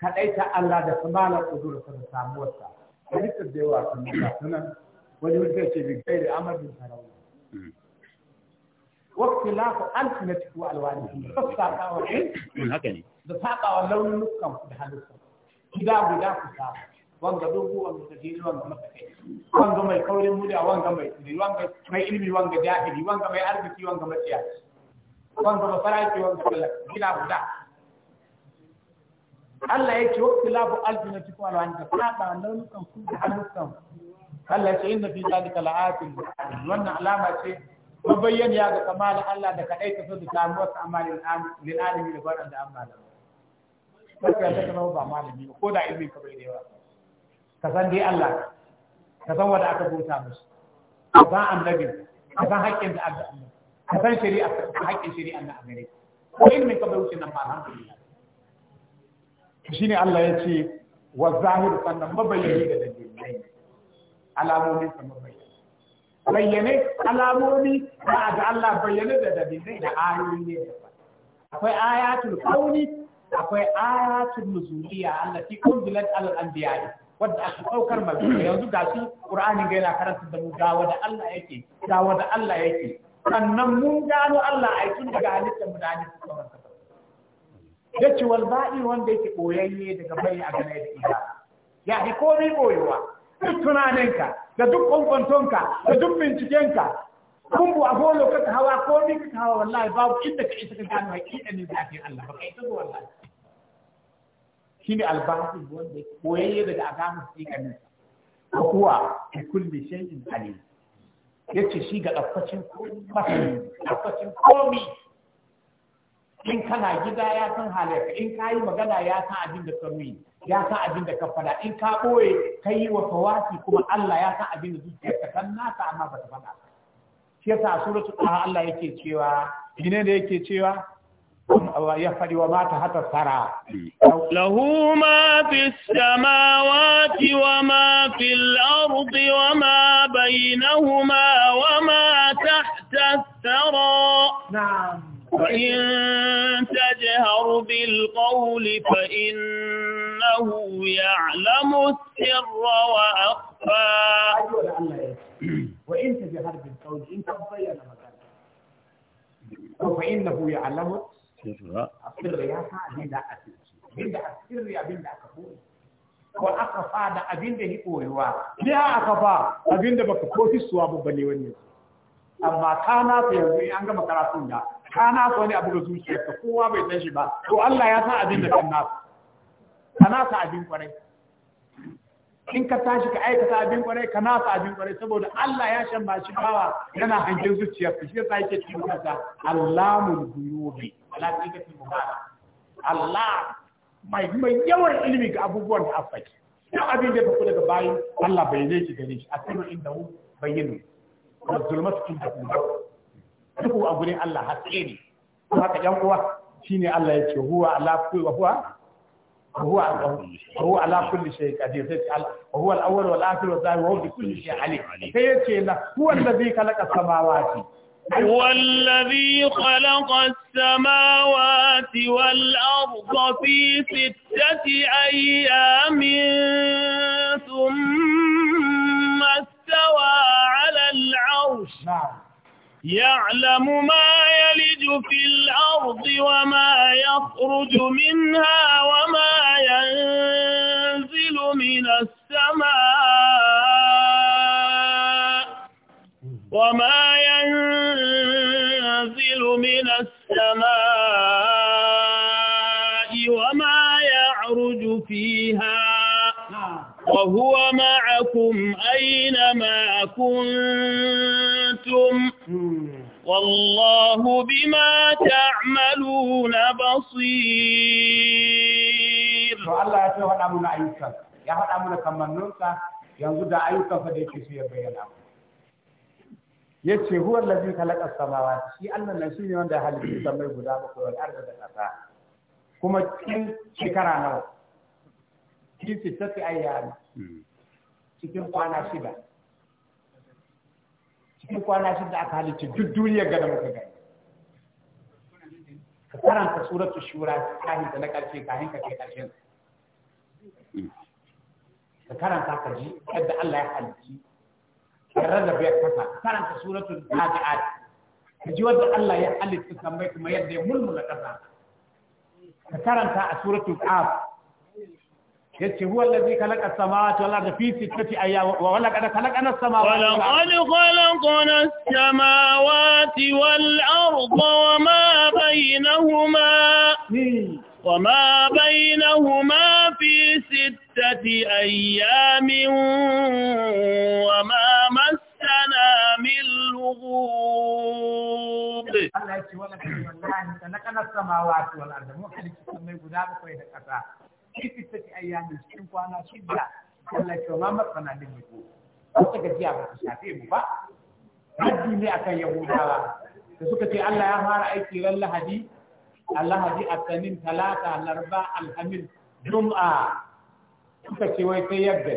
kaɗaita Allah da kamalar ƙudurarsa da samuwarsa da rikar da yawa sun yi sunan wani wajen ce bi gairi amarin sarauta wakti lafi na cikin alwani da saɓawa mm, ne da saɓawa launukan ku da halittar gida guda ku samu wanga dubu wanga gajeri wanga masakai wanga mai kaurin murya wanga mai tsiri wanga mai ilimi wanga jahili wanga mai arziki wanga matsiyaci wanzama faraki wanzama gina guda Allah ya ce wakti labu aljinati kuma alwanta saba launukan ku da halittan Allah ya ce inna fi zalika la'atin wannan alama ce mabayyan ya ga kamalin Allah da kadai ta so da samuwar amma lil alamin da fadan da amma da kaka ta kana ba malami ko da ilmin ka bai dewa ka san dai Allah ka san wanda aka bauta musu ka san annabi ka san hakkin da Allah ka san shari'a ka haƙƙin shari'a na a gare ko ilmin ka bai wuce nan ba alhamdulillah shine Allah ya ce wa zahiru sannan mabayyani da dalilai alamomin sa mabayyani bayyane alamomi ba da Allah bayyane da dalilai da ayoyi ne akwai ayatul kauni akwai ayatul nuzuliyya allati unzilat alal anbiya'i wadda aka saukar mazuni yanzu ga su ƙur'anin ga yana karanta da mu ga wada Allah yake ga wada Allah yake sannan mun gano Allah a tun daga halittar mu da halittar sama ta ya ci wal wanda yake koyayye daga bai a gane da ita ya ni komai koyewa duk tunaninka da duk kwankwantonka da duk bincikenka bu a bolo kaka hawa komai kaka hawa wallahi babu inda ka isa ka gano hakika ne zafin Allah ba ka isa zuwa wallahi shine albatin wanda koyayye daga agamu hakika ne kuwa kulli shay'in alim ya ce shi ga ɗaukacin komi in kana gida ya san halayyarka in ka yi magana ya san abin da ka ya san abin da ka fada in ka ɓoye ka yi wa fawaki kuma Allah ya san abin da zuciyarka kan nasa amma ba ta fada shi yasa suratul Allah yake cewa ne da yake cewa يفعل وما تحت الثرى له ما في السماوات وما في الأرض وما بينهما وما تحت الثرى نعم فإن تجهر بالقول فإنه يعلم السر وأخفى أيوة وإن تجهر بالقول إن تبين مكانه فإنه يعلم السر asirra ya sa abin da abin da asirri abin da aka aka fa da abin da ya aka fa abin da yanzu an gama karatun da da ba to Allah in ka tashi ka aikata abin kwarai ka nasa abin kwarai saboda Allah ya shan bashi bawa yana hangen zuciya shi yasa yake cikin kasa ala sikatin Allah yawan ilimi ga abubuwan da afaki duk abin da tafi daga bayan Allah bai ne inda hu bayyinu wa zulmatu inda hu duk a gurin Allah haka yan uwa shine Allah huwa ala kulli wa huwa huwa huwa ala kulli shay qadir sai Allah huwa al-awwal wal akhir zahir wa huwa bi kulli shay alim sai la huwa alladhi khalaqa samawati خلق السماوات والأرض في ستة أيام ثم استوى على العرش نعم. يعلم ما يلج في الأرض وما يخرج منها وما ينزل من السماء وما ينزل من السماء السماء وما يعرج فيها وهو معكم أينما كنتم والله بما تعملون بصير الله يتوفى أمنا أيوكا يا أمنا كمان نوكا ينزد أيوكا فديك سيبينا ya ce huwa lafi khalaqa samawa shi Allah nan ne wanda ya halitta samai guda bakwai wal arda da ƙasa kuma cikin shekara nawa cikin sittati ayyam cikin kwana shida cikin kwana shida aka halittu duk duniyar gada da muka gani ka karanta suratul shura kahin ta na karshe kahin ka ke ƙarshen ka karanta ka ji yadda Allah ya halittu ka rarrabe kasa karanta suratul nazi'at ka ji wanda Allah ya halitta sammai kuma yadda ya mulmula kasa ka karanta a suratul qaf yace huwa allazi khalaqa samawati wal arda fi sittati ayyamin wa laqad khalaqna samawati wal arda khalaqna samawati wal arda wa ma bainahuma hmm. وما بينهما في ستة أيام وما مسنا من لغوب الله يقول لك والله تنقنا السماوات والأرض مو حلق سمي قدام قيد القطاع في ستة أيام يسكن وانا شدة الله يقول ما مسنا من لغوب أنت قد جاء بكشافي مبا هدي مئة يهودا فسكتي الله يا هارا أي كيرا لهدي a Asanin Talata Larba Alhamis Jum'a suka ce wai sai yadda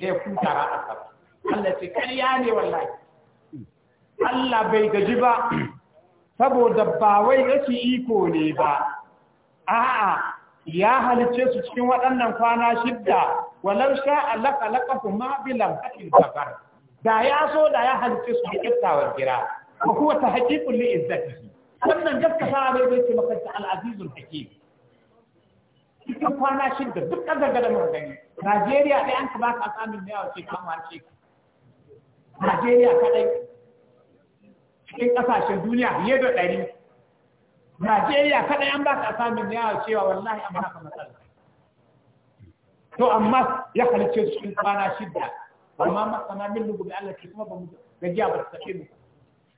ci sai a ra'a Allah ce karya ne wallahi Allah bai gaji ba saboda ba wai rashi iko ne ba a'a ya halice su cikin waɗannan kwana shidda Walar sha Allah kalaka kuma bilan hakin safar da ya so da ya halice su da kiftawar gira ko kuma ta haƙiƙun li wannan gaskata ne bai ce makanta al'azizul hakim cikin kwana shida duk gada muka gani Najeriya ɗaya an ka baka asamin da yawa ce kama ce Najeriya kaɗai cikin ƙasashen duniya fiye da ɗari Najeriya kaɗai an baka asamin da yawa cewa wallahi an baka matsala to amma ya halice su cikin kwana shida amma masana min lugu bi Allah ke kuma ba mu gajiya ba ta tafi mu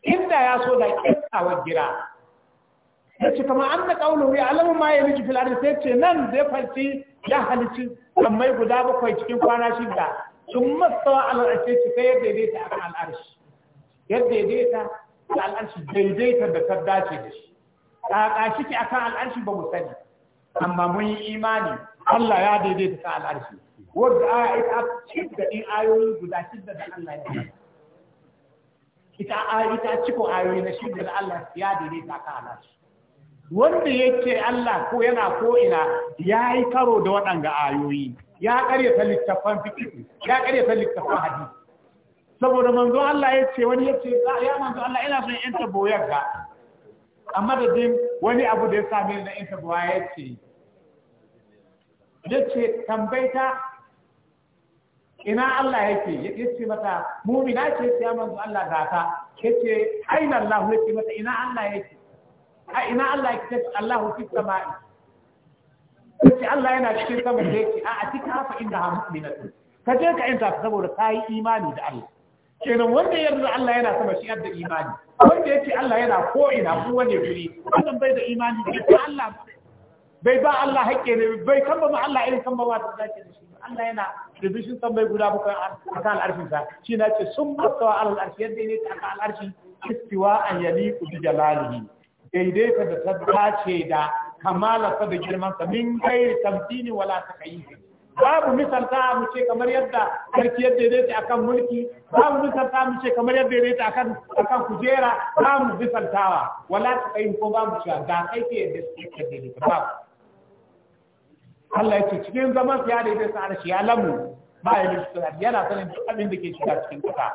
inda ya so da kyakkyawa gira ya ce kama an da ƙaunar ya alamun ma ya riki filar sai ce nan zai farci ya halici amma guda bakwai cikin kwana shida sun masawa al'arshe ce sai yadda daidaita a kan al'arshi yadda daidaita da al'arshi daidaita da ta dace da shi ƙaƙa shi ke a kan al'arshi ba mu sani amma mun yi imani Allah ya daidaita ta al'arshi wadda a ita cikin ayoyi guda shida da Allah ya daidaita ita ita ciko ayoyi na shi da Allah ya daidaita ka halasu wanda yake Allah ko yana ko ina ya yi karo da waɗanga ayoyi ya ta littafan fiƙi ya ta littafan hadisi saboda manzo Allah ya ce wani ya ce ya manzo Allah ina son yanta boyar ga da din wani abu da ya same ni na yanta boya ya ce ya ce tambaita ina Allah yake yace mata mu'mina ce ya manzo Allah gata yace aina Allah yace mata ina Allah yake a ina Allah yake yace Allah fi sama'i yace Allah yana cikin sama da yake a cikin haka inda ha mu'minatu ka je ka inta saboda kai imani da Allah kenan wanda yarda Allah yana sama shi da imani wanda yace Allah yana ko ina ko wani guri wannan bai da imani da Allah bai ba Allah hakke ne bai kamba ma Allah irin kamba wa ta dace da shi Allah yana da bishin sammai guda bakwai a kan al'arshinsa shi na ce sun masawa al'arshi yadda ne ta kan al'arshi istiwa an yali ku bi jalalihi daidaita da ta dace da kamalarsa da girmansa min kai tamtini wala takayyufi babu misalta mu ce kamar yadda sarki yadda ya daita akan mulki babu misalta mu ce kamar yadda ya daita akan akan kujera babu misaltawa wala ta kai ko bamu cewa Da kai ke yadda suke daita babu. Allah ya ce cikin zaman ya da ita sa'ar shi ya lamu ba ya bishi yana sanin duk abin da ke shiga cikin kasa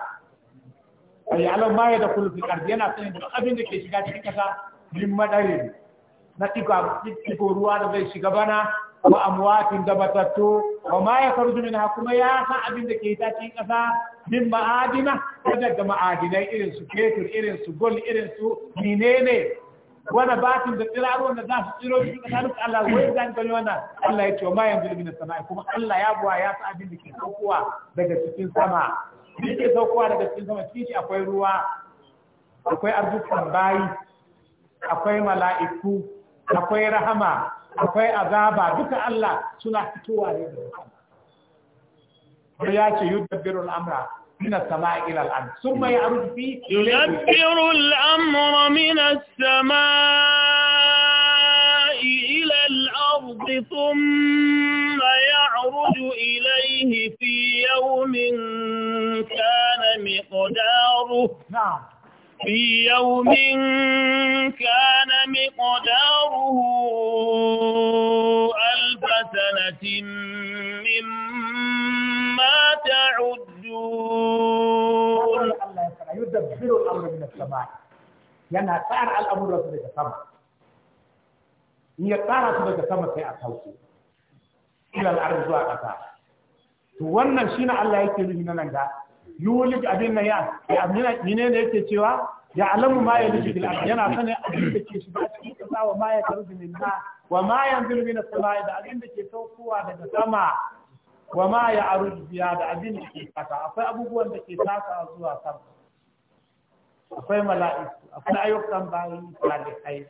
wa ya lamu ma ya da kullu ardi yana sanin duk abin da ke shiga cikin kasa Bin madarin na tiko ruwa da zai shiga bana wa amwatin da batattu wa ma ya faru minha kuma ya san abin da ke ta cikin kasa bin ma'adina daga ma'adinai irin su fetur irin su gol irin su menene wani batin da tsiraruwan da za su tsiro shi da su Allah wai zan gani wannan Allah ya ce ma yanzu min sama'i kuma Allah ya buwa ya sa abin da ke saukowa daga cikin sama shi ke saukowa daga cikin sama cikin shi akwai ruwa akwai arzikin bayi akwai mala'iku akwai rahama akwai azaba duka Allah suna fitowa ne da ya ce yudabbiru al'amra من السماء إلى الأرض ثم يعرج فيه يدبر الأمر من السماء نعم في يوم كان مقداره ألف سنة مما تعدون يدبر الأمر من السماء yana tsara al'amuran su daga sama in tsara su daga sama sai a sauko ila al'arzu zuwa ƙasa to wannan Allah yake na yulik abin nan ya abin ne ne yake cewa ya alamu ma ya liji fil ardi yana sanin abin da ke shiga cikin kasa wa ma ya tarzu min na wa ma yanzilu min as-sama'i da abin da ke saukowa daga sama wa ma ya arudu biya da abin da ke kasa akwai abubuwan da ke taka zuwa sama akwai mala'iku akwai ayyukan bayi salihai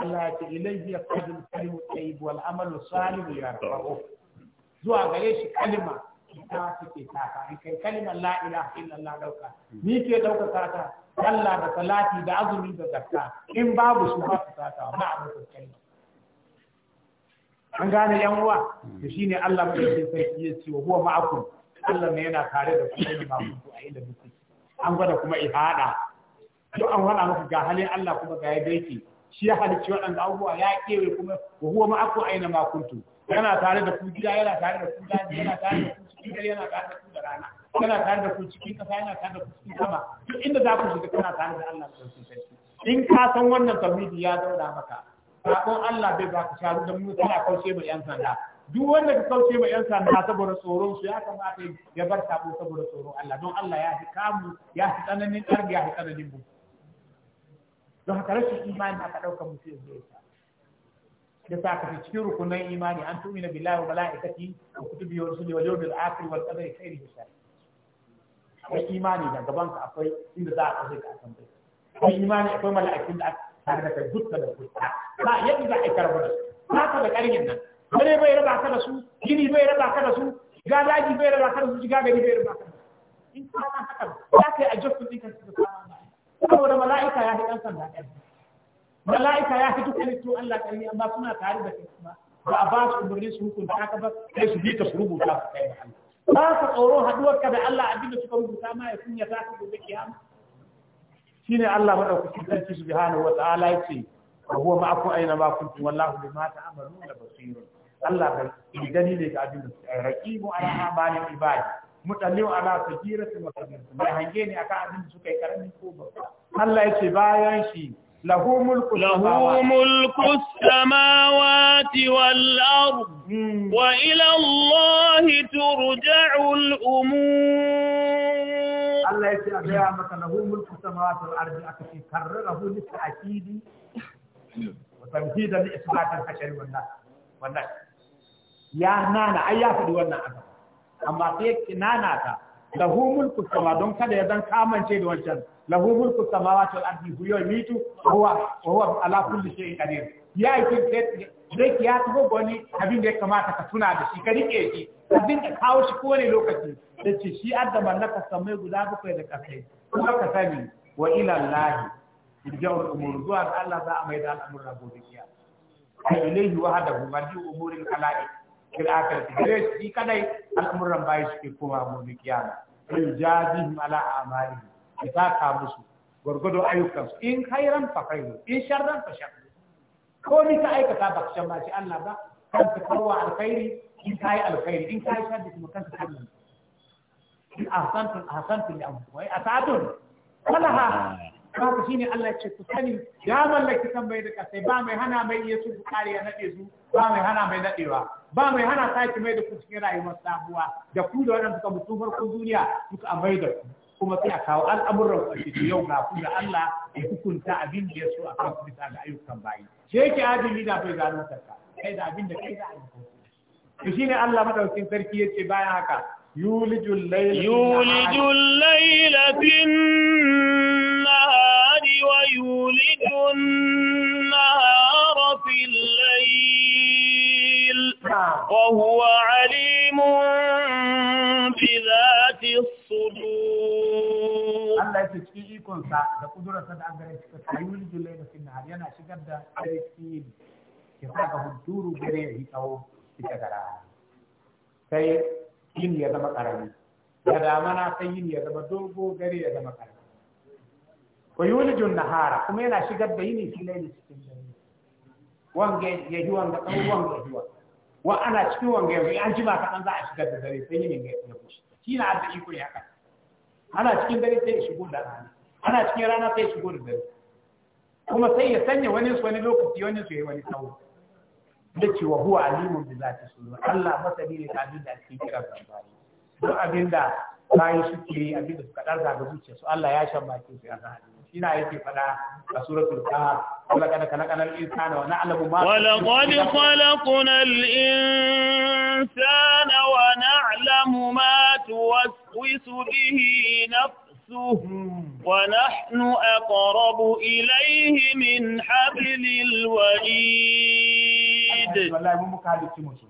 Allah ya ce ilayhi yaqulu al-kalimu tayyib wal amalu salih yarfa'u zuwa gare shi kalima ita suke taka in kai kalimar la ilaha illallah dauka ni ke dauka sata Allah da salati da azumi da zakka in babu su ba su sata ba a mutum kalma an gane yan uwa to shine Allah mai sarki ya ce huwa ma'akum Allah ne yana tare da ku ne ma'akum a inda duk an gwada kuma ihada to an wada muku ga halin Allah kuma ga yadda yake shi ya halicci waɗanda abubuwa ya kewe kuma wa huwa ma'akum aina ma kuntum yana tare da ku gida yana tare da ku daji yana tare da ku cikin yana tare da ku da rana yana tare da ku cikin kasa yana tare da ku cikin sama duk inda za ku shiga kana tare da Allah sosai in ka san wannan tauhidi ya zauna maka sakon Allah bai baka sharu da mu kana kauce mai yan sanda duk wanda ka kauce mai yan sanda saboda tsoron su ya kamata ya bar sabo saboda tsoron Allah don Allah ya fi kamu ya fi tsananin ƙarfi ya fi tsananin mu don haka rashin imani aka ɗaukar musu ya zo ya ya sa ka cikin rukunan imani an tumina billahi wa malaikati wa kutubi wa rusuli wa yawmil akhir wal qadari khairihi wa sharrihi akwai imani da gaban ka akwai inda za a kashe ka san bai akwai imani akwai mala'ikun da tare da kai dukka da kuta ba yadda za a yi karbar ba ka da ƙarfin nan dare bai raba ka da su gini bai raba ka da su shiga daji bai raba ka da su shiga gari bai raba ka da su in ka haka za ka yi a jokin ɗinka su da samun saboda mala'ika ya fi ɗan sanda ɗaya mala'ika ya fi duk halittu Allah ƙarfi amma suna tare da kai ba ba a ba su umarni su hukunta ka ba kai su bi ta su rubuta su kai da Allah ba ka tsoro haduwar ka da Allah abinda suka rubuta ma ya kunya ta ka gobe kiyama shine Allah madaukakin sarki subhanahu wa ta'ala yace wa huwa ma'akum aina ma kuntum wallahu bima ta'maluna basirun Allah bai gani ne ga abin da suka yi raqibu ala amalin ibadi mutalliu ala sajirati wa kabirati mai hange ne akan abin da suka yi karami ko ba. Allah yace bayan shi له ملك له ملك السماوات والأرض وإلى الله ترجع الأمور الله يتعبيها مثلا له ملك السماوات والأرض أكفي كرره للتأكيد وتمهيدا لإثبات الحشر والناس والناس يا نانا أيا فدي وانا أنا أما قيك نانا له ملك السماوات دون كده يدن كامن شيء دون شرط lahu mulku samawati wal ardi huwa yumitu huwa huwa ala kulli shay'in qadir ya yi kin break ya tuba goni abin da ya kamata ka tuna da shi ka rike shi ka dinka kawo shi kowane lokaci da ce shi adda mallaka samai guda bakwai da kasai kuma ka sani wa ila Allah irja'ul umur zuwa Allah za a mai da al'amuran gobe kiyama ay ilayhi wahdahu marji umuril khalaiq fil akhirati gare shi kadai al'amuran bayi suke koma gobe kiyama yujazihim ala a'malihim ya saka musu gwargwado ayyukansu in khairan fa khairu in sharran fa sharru ko ni ka aikata ba ka shammaci Allah ba kan ka karwa alkhairi in ka yi alkhairi in ka yi sharri kuma kanka Allah in ahsanta ahsanta li amru wa asatun falaha haka shine Allah ya ce ku sani ya mallaki kan bai da kasai ba mai hana mai yesu su kariya na su ba mai hana mai dadewa ba mai hana ki mai da ku cikin rayuwar sabuwa da ku da waɗanda suka mutum farkon duniya suka amai da ku kuma sai a kawo al'amuran ku yau ga ku da Allah ya hukunta abin da ya so a kan bisa ga ayyukan bayi shi yake adili da bai gano sarka kai da abin da kai da ayyukan to shine Allah madaukin sarki yace bayan haka يولج layla يولج nahari wa النهار nahara fil layl wa huwa alim بذات الصدور Allah yake cikin ikonsa da kudurarsa da angare cika sayul julai da sinna har yana shigar da aiki ke ga hunturu gare ya yi tsawo cika gara sai yin ya zama karami da damana sai yin ya zama dogo gare ya zama karami wa jun nahara kuma yana shigar da yini filai da cikin dare wanga ya yi wanga tsawo wanga ya yi wanga wa ana cikin wanga ya yi an jima kaɗan za a shigar da dare sai ne ya kushe shi na arziki ko ya kan ana cikin dare sai ya shigo da rana ana cikin rana sai ya shigo da dare kuma sai ya sanya wani su wani lokaci wani su yi wani tsawo da cewa huwa alimun bi zati sudur Allah masani ne ta abin da ake kira da bari don abinda da yi suke abinda su suka da ga zuciya su Allah ya shan bakin su ya zahari ina yake fada a suratul kahf ولقد خلقنا الإنسان ونعلم ما ولقد خلقنا الإنسان ونعلم ما توسوس به نفسه ونحن أقرب إليه من حبل الوريد والله مو مكالي تيموتو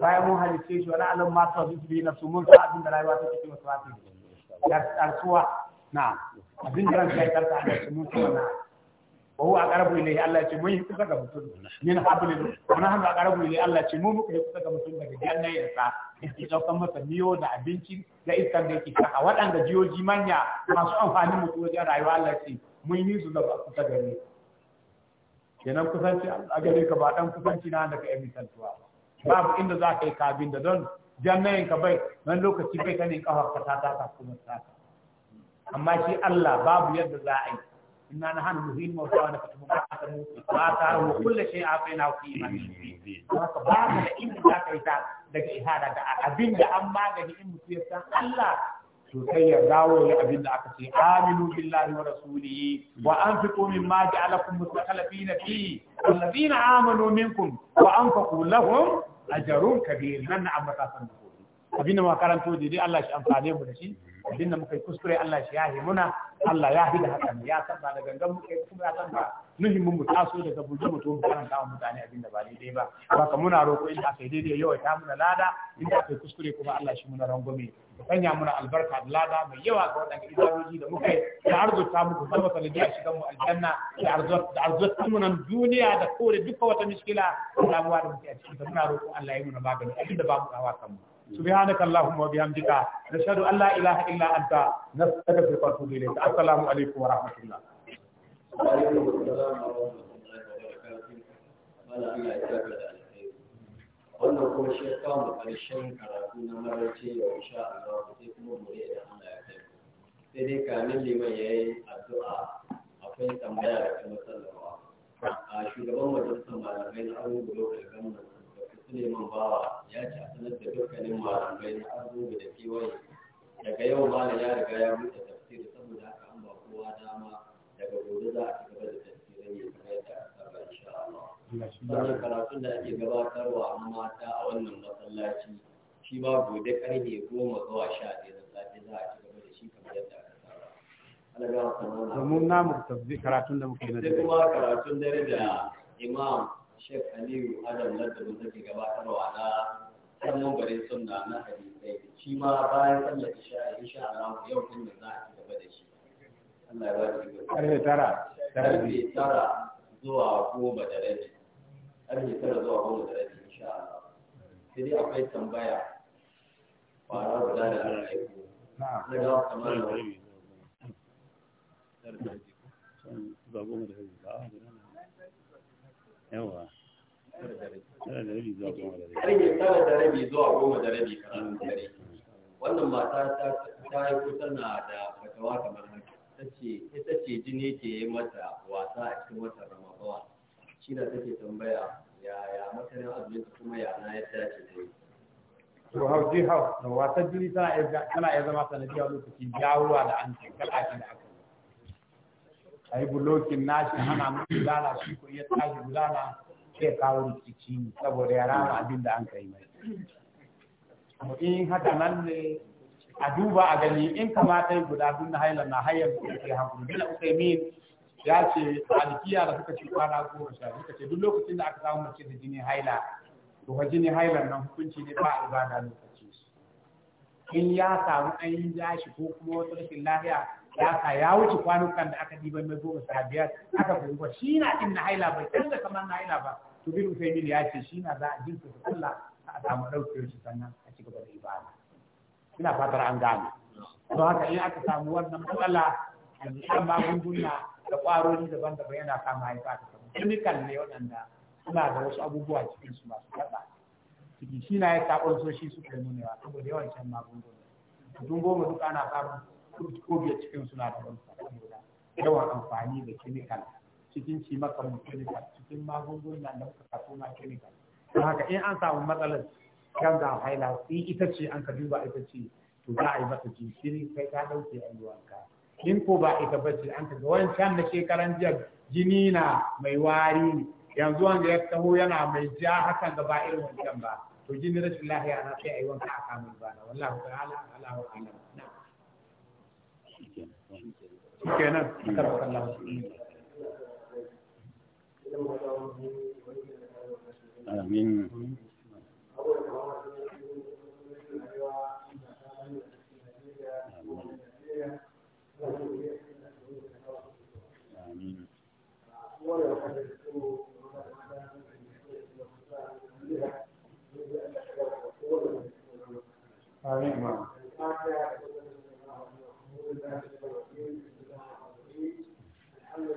bayan mun halice shi wani alam ma ta mun abin da rayuwa cikin wasu na abin da ranka ya karta da su mun kuma na wa huwa aqrabu ilayhi Allah ce mun yi kusa ga mutum min hablil wa nahnu aqrabu ilayhi Allah ce mun muka yi kusa ga mutum daga jannan ya sa yake daukan masa miyo da abinci da iskan da yake kaka waɗanda jiyoji manya masu amfani mutum wajen rayuwa Allah ce mun yi su da kusa gare kenan kusanci a gare ka ba dan kusanci na da ka yi misaltuwa babu inda za ka yi kabin da don jannayin ka bai wani lokaci bai kanin kawar ka ta ta kuma ta ta amma shi Allah babu yadda za a yi inna na hannu muhim mawta wa nafatu ma asamu wa taru kullu shay afina fi imanin haka ba ka da in za ka yi ta daga ihada da abin da an magani in mutum ya san Allah to sai ya dawo ya abin da aka ce aminu billahi wa rasulihi wa anfiqu mimma ja'alakum mustakhlifina fi alladhina amanu minkum wa anfaqu lahum ajrun kabir nan amma ta san abin da makaranto dai Allah shi amfane mu da shi abin da muka yi kuskure Allah shi yahi muna Allah ya hadu da haka ne ya san ba da gangan muka yi kuma ya san ba mun mu taso daga buji mu to mu karanta wa mutane abinda ba daidai ba baka muna roƙo inda aka yi daidai yawa ta muna lada inda aka yi kuskure kuma Allah shi muna rangwame ka sanya muna albarka da lada mai yawa ga waɗanda ji da muka yi da arzuta muku zama sanadiyar shigan mu aljanna da arzuta muna duniya da kore duka wata mishkila da damuwa da muke a cikin da muna roƙo Allah ya muna magani abin da ba mu kawa kanmu subhanaka allahumma wa bihamdika nashhadu an la ilaha illa anta nastaghfiruka a atubu ilayk assalamu alaikum wa wa wannan kuma shi ya mu ƙarshen karatu na maraice ya insha Allah sai kuma mu da Allah ya kai sai dai kamin liman ya yi addu'a akwai tambaya da kuma sallama a shugaban majalisar malamai na abubuwa da gwamnati Suleiman Bawa ya ci a sanar da dukkanin malamai na arzumi da kewaye. Daga yau malam ya riga ya buɗe tafsiri saboda haka an ba kowa dama daga gobe za a ci gaba da tafsirin ya kamar yadda aka saba insha Allah. Sannan karatun da ake gabatarwa na mata a wannan masallaci shi ma gobe karfe goma zuwa sha ɗaya da safe za a ci gaba da shi kamar yadda aka saba. Domin namu karatun da muke na dare. sai kuma karatun dare da imam Sheikh Aliyu Adam Ladabu take gabatarwa na kan mambarin sunna na hadisai shi ma bayan sallar isha insha Allah yau din da za a ci gaba da shi Allah ya ba shi karfe tara karfe tara zuwa goma da rabi karfe tara zuwa goma da rabi insha Allah sai dai akwai tambaya fara guda da Allah ya na ga kamar da rabi da goma da rabi yawa tara da rabi zuwa goma da rabi tara da rabi zuwa goma da rabi karatun dare wannan mata ta yi kusa na da fatawa kamar haka ita ce jini ke yi mata wasa a cikin watan ramadawa shi da take tambaya yaya makarin abinci kuma yana ya dace da yi to hau ji hau da wasa jini tana iya zama sanadiyar lokacin jawowa da an ce kalashi da aka a yi bulokin nashi hana mu gudana shi ko ya tashi gudana ke kawo rikici saboda ya rama abin da an kai mai in haka nan ne a duba a gani in kamata yi guda sun na haila na hayar da ke hankali bin usaimin ya ce alikiya da suka ce kwana goma sha suka ce duk lokacin da aka samu mace da jini haila to fa jini haila nan hukunci ne ba a ibada lokaci in ya samu an yi jashi ko kuma wata rashin lafiya ya ya wuce kwanukan da aka diban na goma sa biyar aka fahimta shi na ɗin na haila bai canza kamar na haila ba to bin usaimin ya ce shi na za a jinsa da sallah a samu ɗaukar shi sannan a ci gaba da ibada ina fatar an gane to haka in aka samu wannan matsala yanzu shan magunguna da ƙwarori daban-daban yana kama haifa ta samu chemical ne waɗanda suna da wasu abubuwa cikin su masu faɗa shi na ya taɓar shi suka nuna saboda yawan shan magunguna mutum goma duka ana samun ko biya cikin suna da wani yawan amfani da chemical cikin cimakan chemical cikin magunguna da muka kaso na chemical don haka in an samu matsalar kan a haila in ita ce an ka duba ita ce to za a yi mata jinkiri kai ka dauke a yi wanka in ko ba ita ba ce an ka ga wancan na shekaran jiya jini na mai wari ne yanzu wanda ya taho yana mai ja hakan da ba irin wancan ba to jini rashin lahiya na sai a yi wanka a kamun na wallahu ta'ala Allahu a'lam kenan amin Amin. Amin.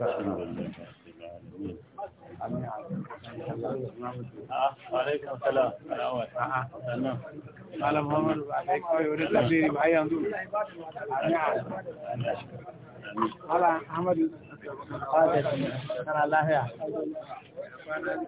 Ala Ahmadu, Ala Ahmadu, Ala Ahmadu, Ala Ahmadu, Ala Ahmadu, Ala Ahmadu, Ala Ahmadu, Ala Ahmadu, Ala Ahmadu, Ala Ahmadu, Ala Ahmadu,